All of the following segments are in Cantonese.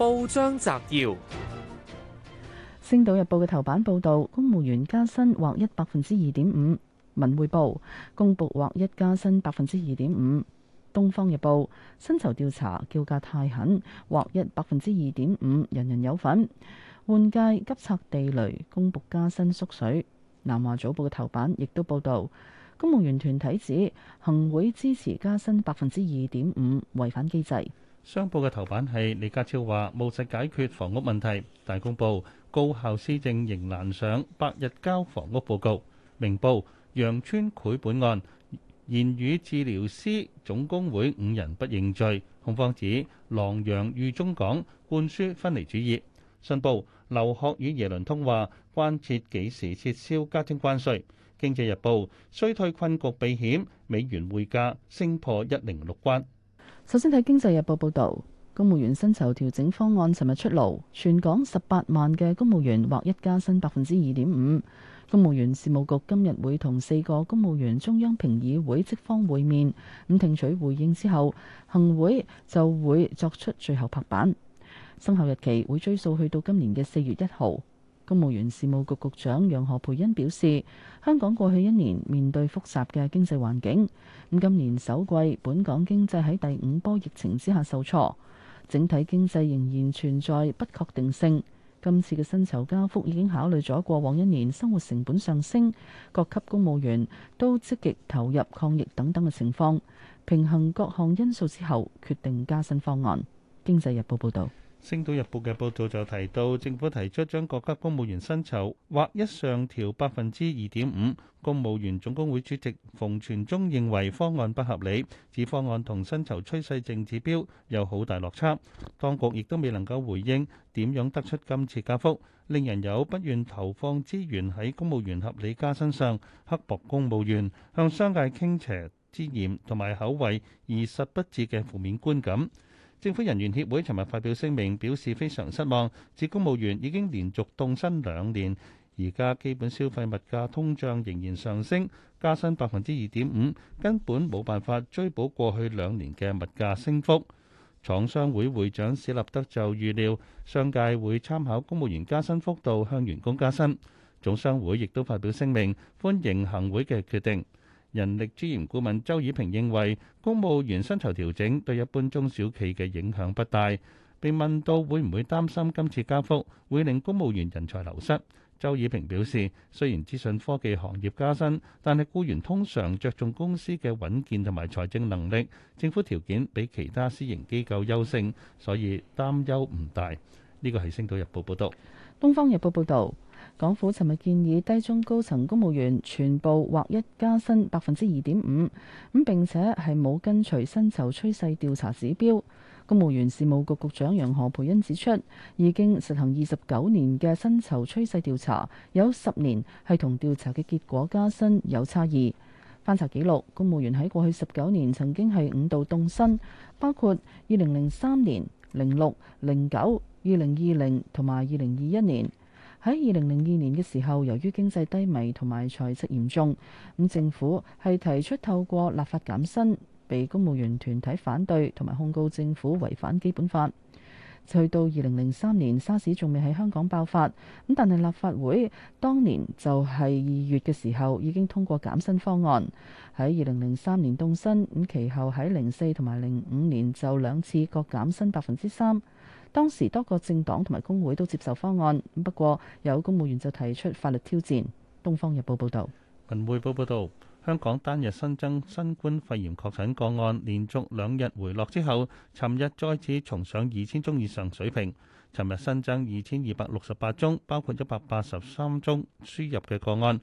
報章摘要：《星島日報》嘅頭版報道，公務員加薪劃一百分之二點五；《文匯報》公僕劃一加薪百分之二點五；《東方日報》薪酬調查叫價太狠，劃一百分之二點五；人人有份；換屆急拆地雷，公僕加薪縮水。《南華早報》嘅頭版亦都報道，公務員團體指行會支持加薪百分之二點五，違反機制。商報嘅頭版係李家超話務實解決房屋問題大公報高校施政仍難上百日交房屋報告明報羊村繪本案言語治療師總工會五人不認罪控方指狼羊喻中港灌輸分離主義信報劉鶴與耶倫通話關切幾時撤銷加徵關稅經濟日報衰退困局避險美元匯價升破一零六關首先睇《經濟日報》報導，公務員薪酬調整方案尋日出爐，全港十八萬嘅公務員獲一加薪百分之二點五。公務員事務局今日會同四個公務員中央評議會職方會面，咁聽取回應之後，行會就會作出最後拍板。生效日期會追溯去到今年嘅四月一號。公務員事務局局長楊何蓓茵表示，香港過去一年面對複雜嘅經濟環境，咁今年首季本港經濟喺第五波疫情之下受挫，整體經濟仍然存在不確定性。今次嘅薪酬加幅已經考慮咗過往一年生活成本上升，各級公務員都積極投入抗疫等等嘅情況，平衡各項因素之後決定加薪方案。經濟日報報道。星島日報嘅報道就提到，政府提出將各級公務員薪酬劃一上調百分之二點五，公務員總工會主席馮傳忠認為方案不合理，指方案同薪酬趨勢正指標有好大落差。當局亦都未能夠回應點樣得出今次加幅，令人有不願投放資源喺公務員合理加薪上，刻薄公務員，向商界傾斜之嫌同埋口惠而實不至嘅負面觀感。政府人員協會尋日發表聲明，表示非常失望，指公務員已經連續凍薪兩年，而家基本消費物價通脹仍然上升，加薪百分之二點五根本冇辦法追補過去兩年嘅物價升幅。廠商會會長史立德就預料，商界會參考公務員加薪幅度向員工加薪。總商會亦都發表聲明，歡迎行會嘅決定。人力資源顧問周以平認為，公務員薪酬調整對一般中小企嘅影響不大。被問到會唔會擔心今次加幅會令公務員人才流失，周以平表示：雖然資訊科技行業加薪，但係僱員通常着重公司嘅穩健同埋財政能力，政府條件比其他私營機構優勝，所以擔憂唔大。呢個係《星島日報》報道，《東方日報》報道。港府尋日建議低中高層公務員全部劃一加薪百分之二點五，咁並且係冇跟隨薪酬趨勢調查指標。公務員事務局局長楊何蓓茵指出，已經實行二十九年嘅薪酬趨勢調查，有十年係同調查嘅結果加薪有差異。翻查記錄，公務員喺過去十九年曾經係五度凍薪，包括二零零三年、零六、零九、二零二零同埋二零二一年。喺二零零二年嘅時候，由於經濟低迷同埋財赤嚴重，咁政府係提出透過立法減薪，被公務員團體反對同埋控告政府違反基本法。去到二零零三年，沙士仲未喺香港爆發，咁但係立法會當年就係二月嘅時候已經通過減薪方案。喺二零零三年凍薪，咁其後喺零四同埋零五年就兩次各減薪百分之三。當時多個政黨同埋工會都接受方案，不過有公務員就提出法律挑戰。《東方日報》報道。《文匯報》報道，香港單日新增新冠肺炎確診個案連續兩日回落之後，尋日再次重上二千宗以上水平。尋日新增二千二百六十八宗，包括一百八十三宗輸入嘅個案。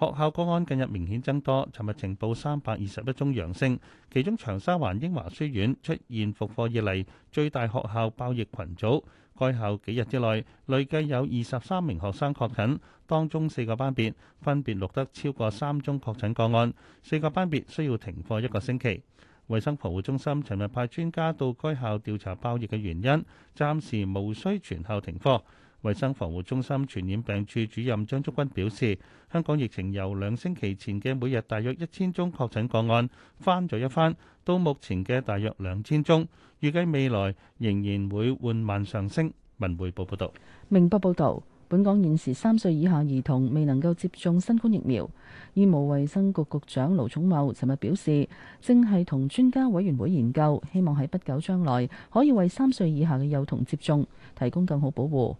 學校個案近日明顯增多，尋日呈報三百二十一宗陽性，其中長沙灣英華書院出現復課以嚟最大學校爆疫群組。該校幾日之內累計有二十三名學生確診，當中四個班別分別錄得超過三宗確診個案，四個班別需要停課一個星期。衛生防護中心尋日派專家到該校調查爆疫嘅原因，暫時無需全校停課。衛生防護中心傳染病處主任張竹君表示，香港疫情由兩星期前嘅每日大約一千宗確診個案翻咗一番，到目前嘅大約兩千宗，預計未來仍然會緩慢上升。文匯報報道，明報報道，本港現時三歲以下兒童未能夠接種新冠疫苗。醫務衛生局局長盧寵茂尋日表示，正係同專家委員會研究，希望喺不久將來可以為三歲以下嘅幼童接種，提供更好保護。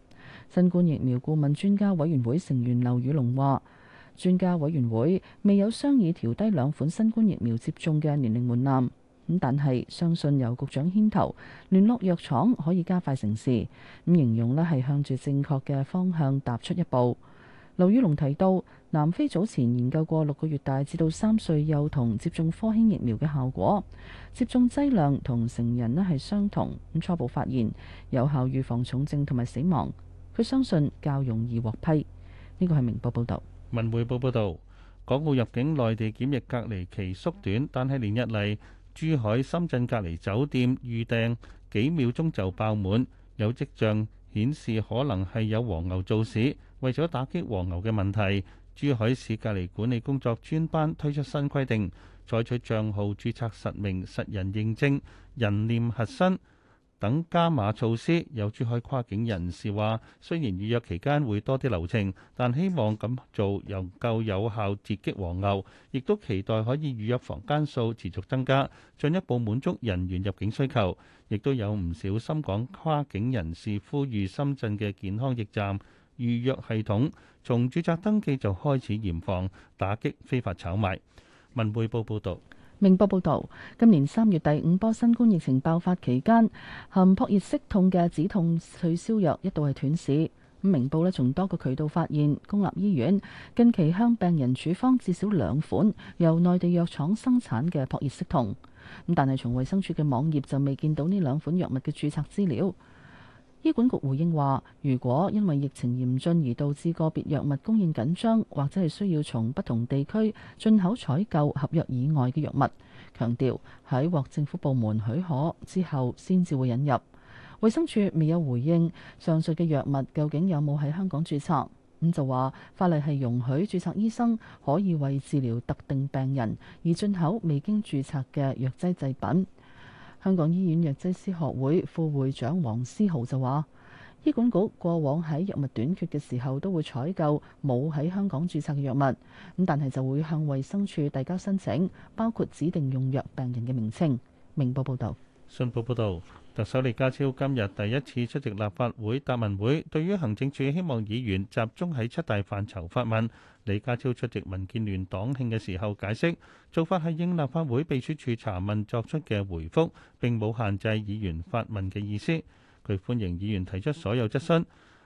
新冠疫苗顧問專家委員會成員劉宇龍話，專家委員會未有商議調低兩款新冠疫苗接種嘅年齡門檻，咁但係相信由局長牽頭聯絡藥廠可以加快成事，咁形容呢係向住正確嘅方向踏出一步。劉宇龍提到，南非早前研究過六個月大至到三歲幼童接種科興疫苗嘅效果，接種劑量同成人呢係相同，咁初步發現有效預防重症同埋死亡。佢相信較容易獲批，呢個係明報報導。文匯報報導，港澳入境內地檢疫隔離期縮短，但係連日嚟，珠海、深圳隔離酒店預訂幾秒鐘就爆滿，有跡象顯示可能係有黃牛造市。為咗打擊黃牛嘅問題，珠海市隔離管理工作專班推出新規定，採取帳號註冊實名、實人認證、人臉核身。等加碼措施，有珠海跨境人士話：雖然預約期間會多啲流程，但希望咁做又夠有效截擊黃牛，亦都期待可以預約房間數持續增加，進一步滿足人員入境需求。亦都有唔少深港跨境人士呼籲深圳嘅健康驛站預約系統從註冊登記就開始嚴防，打擊非法炒賣。文匯報報導。明報報導，今年三月第五波新冠疫情爆發期間，含撲熱息痛嘅止痛退燒藥一度係斷市。咁明報呢從多個渠道發現，公立醫院近期向病人處方至少兩款由內地藥廠生產嘅撲熱息痛。咁但係從衛生署嘅網頁就未見到呢兩款藥物嘅註冊資料。醫管局回應話，如果因為疫情嚴峻而導致個別藥物供應緊張，或者係需要從不同地區進口採購合約以外嘅藥物，強調喺獲政府部門許可之後，先至會引入。衛生署未有回應上述嘅藥物究竟有冇喺香港註冊。咁就話法例係容許註冊醫生可以為治療特定病人而進口未經註冊嘅藥劑製品。香港醫院藥劑師學會副會長黃思豪就話，醫管局過往喺藥物短缺嘅時候都會採購冇喺香港註冊嘅藥物，咁但係就會向衛生署遞交申請，包括指定用藥病人嘅名稱。明報報道，信報報道。特首李家超今日第一次出席立法會答問會，對於行政署希望議員集中喺七大範疇發問，李家超出席民建聯黨慶嘅時候解釋，做法係應立法會秘書處查問作出嘅回覆，並冇限制議員發問嘅意思。佢歡迎議員提出所有質詢。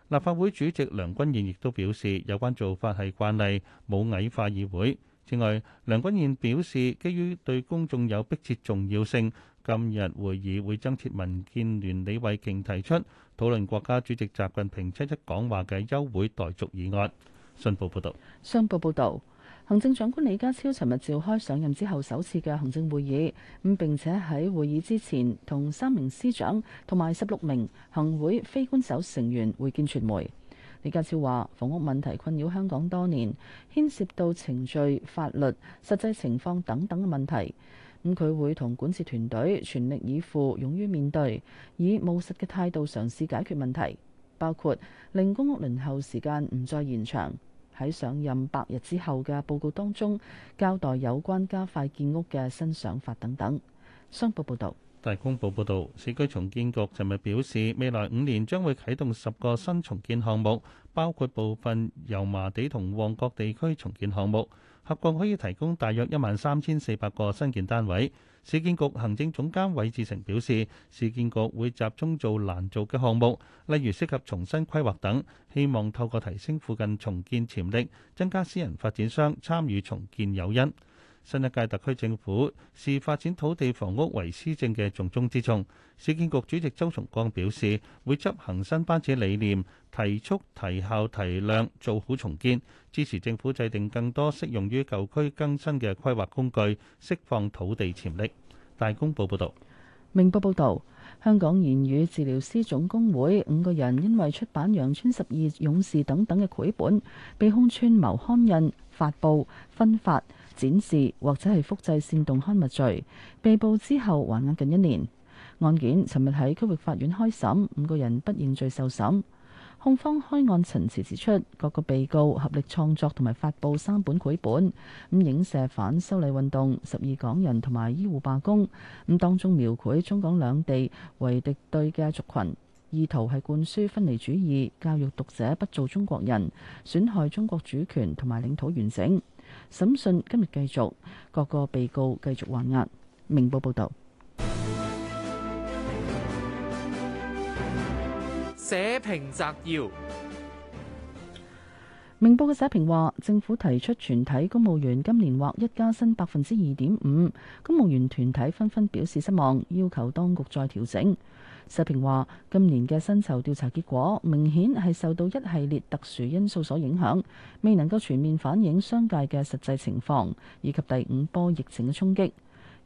立法會主席梁君彥亦都表示，有關做法係慣例，冇矮化議會。此外，梁君彥表示，基於對公眾有迫切重要性。今日會議會增設民建聯李慧瓊提出討論國家主席習近平七一講話嘅休會待續議案。信報報導，商報報導，行政長官李家超尋日召開上任之後首次嘅行政會議，咁並且喺會議之前同三名司長同埋十六名行會非官守成員會見傳媒。李家超話：房屋問題困擾香港多年，牽涉到程序、法律、實際情況等等嘅問題。咁佢會同管治團隊全力以赴，勇於面對，以務實嘅態度嘗試解決問題，包括令公屋輪候時間唔再延長。喺上任百日之後嘅報告當中，交代有關加快建屋嘅新想法等等。商報報導，大公報報導，市區重建局尋日表示，未來五年將會啟動十個新重建項目，包括部分油麻地同旺角地區重建項目。合共可以提供大約一萬三千四百個新建單位。市建局行政總監韋志成表示，市建局會集中做難做嘅項目，例如適合重新規劃等，希望透過提升附近重建潛力，增加私人發展商參與重建誘因。新一屆特區政府視發展土地、房屋為施政嘅重中之重。市建局主席周崇光表示，會執行新班子理念，提速、提效、提量，做好重建，支持政府制定更多適用於舊區更新嘅規劃工具，釋放土地潛力。大公報報導，明報報導，香港言語治療師總工會五個人因為出版《羊村十二勇士》等等嘅繪本，被控串謀刊印、發佈、分發。展示或者係複製煽動刊物罪，被捕之後還押近一年。案件尋日喺區域法院開審，五個人不認罪受審。控方開案陳詞指出，各個被告合力創作同埋發布三本繪本，咁影射反修例運動、十二港人同埋醫護罷工，咁當中描繪中港兩地為敵對嘅族群，意圖係灌輸分離主義，教育讀者不做中國人，損害中國主權同埋領土完整。審訊今日繼續，各個被告繼續還押。明報報道，社評摘要。明報嘅社評話，政府提出全體公務員今年劃一加薪百分之二點五，公務員團體紛紛表示失望，要求當局再調整。社評話：今年嘅薪酬調查結果明顯係受到一系列特殊因素所影響，未能夠全面反映商界嘅實際情況以及第五波疫情嘅衝擊。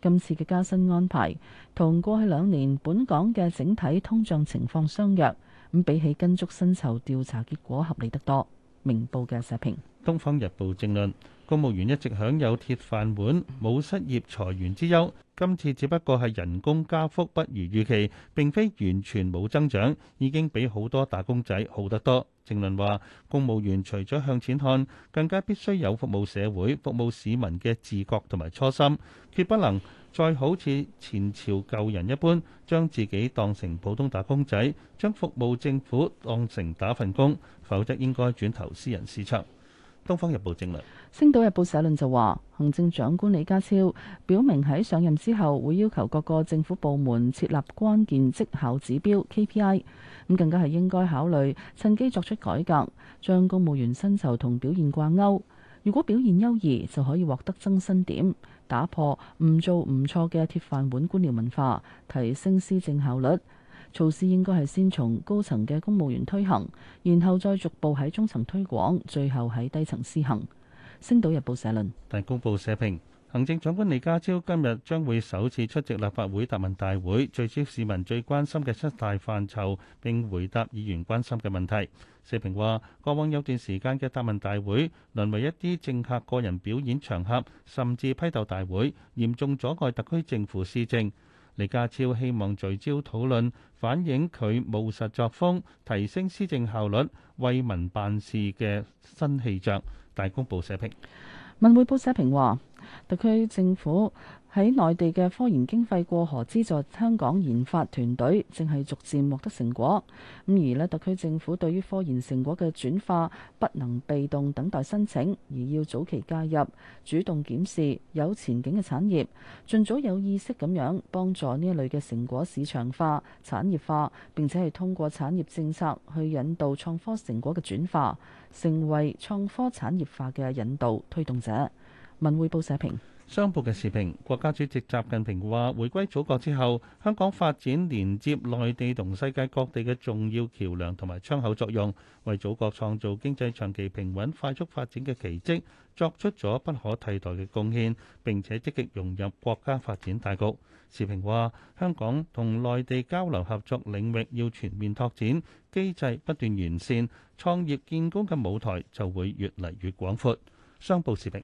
今次嘅加薪安排同過去兩年本港嘅整體通脹情況相若，咁比起跟足薪酬調查結果合理得多。明報嘅社評，《東方日報》正論：公務員一直享有鐵飯碗、冇失業裁員之憂。今次只不過係人工加幅不如預期，並非完全冇增長，已經比好多打工仔好得多。正論話，公務員除咗向錢看，更加必須有服務社會、服務市民嘅自覺同埋初心，決不能再好似前朝舊人一般，將自己當成普通打工仔，將服務政府當成打份工，否則應該轉投私人市場。《東方日報》精論，《星島日報》社論就話，行政長官李家超表明喺上任之後會要求各個政府部門設立關鍵績效指標 KPI，咁更加係應該考慮趁機作出改革，將公務員薪酬同表現掛鈎。如果表現優異，就可以獲得增薪點，打破唔做唔錯嘅鐵飯碗官僚文化，提升施政效率。措施應該係先從高層嘅公務員推行，然後再逐步喺中層推廣，最後喺低層施行。星島日報社論。大公報社評，行政長官李家超今日將會首次出席立法會答問大會，聚焦市民最關心嘅七大範疇，並回答議員關心嘅問題。社評話：過往有段時間嘅答問大會淪為一啲政客個人表演場合，甚至批鬥大會，嚴重阻礙特區政府施政。李家超希望聚焦討論，反映佢務實作風，提升施政效率，為民辦事嘅新氣象。大公報社評，文匯報社評話，特區政府。喺內地嘅科研經費過河資助香港研發團隊，正係逐漸獲得成果。咁而呢，特區政府對於科研成果嘅轉化不能被動等待申請，而要早期介入，主動檢視有前景嘅產業，儘早有意識咁樣幫助呢一類嘅成果市場化、產業化，並且係通過產業政策去引導創科成果嘅轉化，成為創科產業化嘅引導推動者。文匯報社評。商報嘅時評，國家主席習近平話，回歸祖國之後，香港發展連接內地同世界各地嘅重要橋梁同埋窗口作用，為祖國創造經濟長期平穩快速發展嘅奇蹟，作出咗不可替代嘅貢獻，並且積極融入國家發展大局。時評話，香港同內地交流合作領域要全面拓展，機制不斷完善，創業建功嘅舞台就會越嚟越廣闊。商報時評。